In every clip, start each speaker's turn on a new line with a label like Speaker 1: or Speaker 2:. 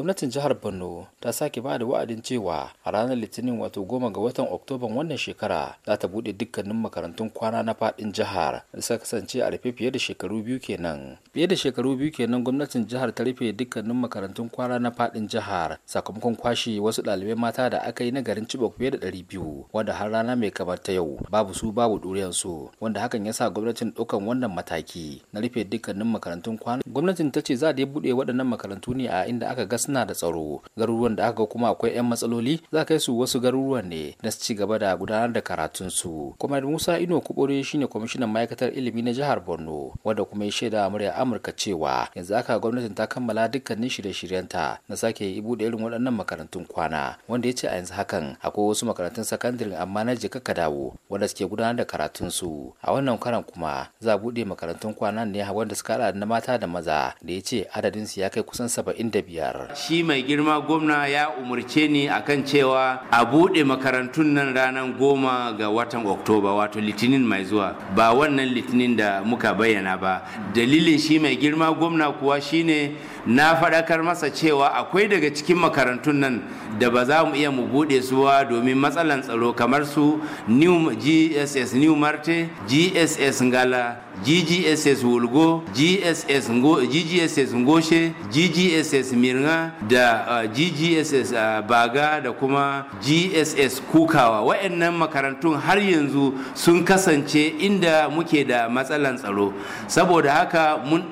Speaker 1: gwamnatin jihar borno ta sake ba da wa'adin cewa a ranar litinin wato goma ga watan oktoban wannan shekara za ta bude dukkanin makarantun kwana na fadin jihar da suka kasance a rufe fiye da shekaru biyu kenan fiye da shekaru biyu kenan gwamnatin jihar ta rufe dukkanin makarantun kwana na fadin jihar sakamakon kwashe wasu ɗalibai mata da aka yi na garin cibok fiye da ɗari biyu wanda har rana mai kamar ta yau babu su babu ɗuriyansu wanda hakan ya sa gwamnatin ɗaukan wannan mataki na rufe dukkanin makarantun kwana gwamnatin ta ce za ta buɗe waɗannan makarantu ne a inda aka gasa suna da tsaro garuruwan da aka kuma akwai 'yan matsaloli za kai su wasu garuruwan ne da su ci gaba da gudanar da karatun su kuma musa ino kubore shine kwamishinan ma'aikatar ilimi na jihar borno wanda kuma ya shaida murya amurka cewa yanzu aka gwamnatin ta kammala dukkanin shirye-shiryenta na sake yi buɗe irin waɗannan makarantun kwana wanda ya ce a yanzu hakan akwai wasu makarantun sakandare amma na jika ka dawo wanda suke gudanar da karatun su a wannan karan kuma za a buɗe makarantun kwana ne wanda suka hada na mata da maza da ya ce adadinsu ya kai kusan saba'in da biyar
Speaker 2: shi mai girma gwamna ya umarce ni a kan cewa a buɗe makarantun nan ranar goma ga watan oktoba wato litinin mai zuwa ba wannan litinin da muka bayyana ba dalilin shi mai girma gwamna kuwa shine na faɗakar masa cewa akwai daga cikin makarantun nan da ba za mu iya mu buɗe suwa domin matsalan tsaro kamar su new gss new marte gss ngala ggss wulgo ggss ngoshe ggss mirna da uh, ggss uh, baga da kuma gss kukawa wa'annan makarantun har yanzu sun kasance inda muke da matsalan tsaro saboda haka mun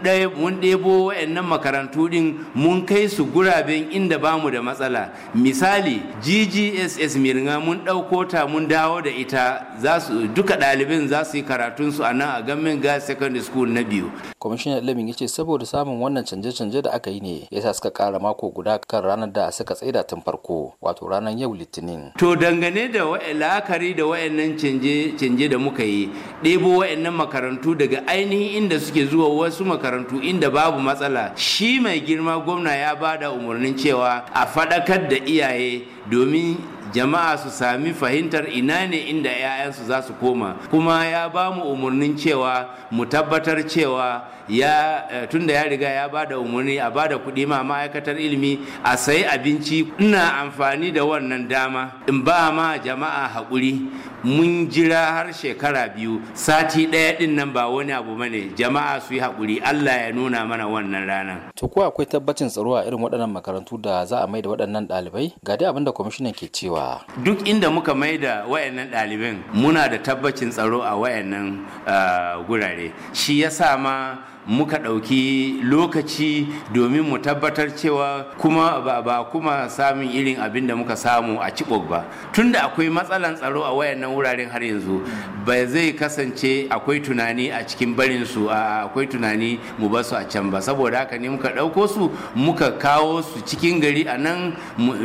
Speaker 2: ɗebo wa'annan makarantu karatu din mun kai su guraben inda bamu da matsala misali ggss mirga mun ɗauko ta mun dawo da ita zasu, duka ɗalibin za su yi karatunsu a nan a gamin ga secondary
Speaker 1: school na biyu kwamishinan ilimin ya ce saboda samun wannan canje-canje da aka yi ne ya sa suka kara mako guda kan ranar da suka tsaida tun farko wato ranar yau litinin
Speaker 2: to dangane da la'akari da wa'annan canje-canje da muka yi ɗebo wa'annan makarantu daga ainihin inda suke zuwa wasu makarantu inda babu matsala shi mai girma gwamna ya ba da umarnin cewa a faɗakar da iyaye domin jama'a su sami fahimtar ina ne inda 'ya'yansu za su koma kuma ya ba mu umarnin cewa mu tabbatar cewa ya eh, tunda ya riga ya ba da umarni a ba da kuɗi ma ma'aikatar ilimi a sayi abinci ina amfani da wannan dama in ba ma jama'a haƙuri mun jira har shekara biyu sati ɗaya ɗin nan ba wani abu bane jama'a su yi haƙuri Allah ya nuna mana wannan rana.
Speaker 1: To ko akwai tabbacin tsaro a irin waɗannan makarantu da za a mai waɗannan ɗalibai? Ga dai abin da kwamishinan ke cewa.
Speaker 2: Duk inda muka maida da wayannan ɗaliban muna da tabbacin tsaro a wayannan ah, gurare. Shi yasa ma muka ɗauki lokaci domin mu tabbatar cewa kuma ba, kuma samun irin abin da muka samu a cibok ba tunda akwai matsalan tsaro a wayannan wuraren har yanzu ba zai kasance akwai tunani a cikin barin su akwai tunani mu ba su a can ba saboda haka ne muka ɗauko su muka kawo su cikin gari a nan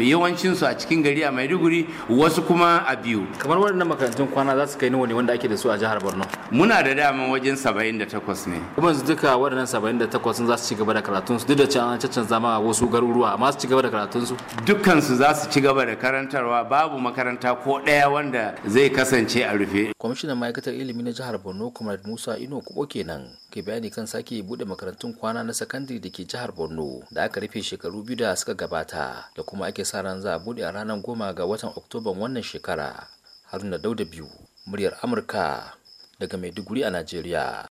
Speaker 2: yawancin su a cikin gari a maiduguri wasu kuma a biyu
Speaker 1: kamar waɗannan makarantun kwana za su kai nawa ne wanda ake da su a jihar borno
Speaker 2: muna da daman wajen 78 ne kuma yanzu duka waɗannan 78 za su ci gaba da karatun su duk da cewa an caccan zama wasu garuruwa amma su ci gaba da karatun su dukkan su za su ci gaba da karantarwa babu makaranta ko ɗaya wanda
Speaker 1: zai kasance a rufe kwamishinan Kwamishinan Ma'aikatar Ilimi na Jihar Borno kamar Musa Ino Kubo kenan ke bayani kan sake bude makarantun kwana na sakandare da ke jihar Borno da aka rufe shekaru biyu da suka gabata da kuma ake sa ran za a buɗe a ranar goma ga watan Oktoban wannan shekara. Haruna Dauda biyu, muryar Amurka daga Maiduguri a Najeriya.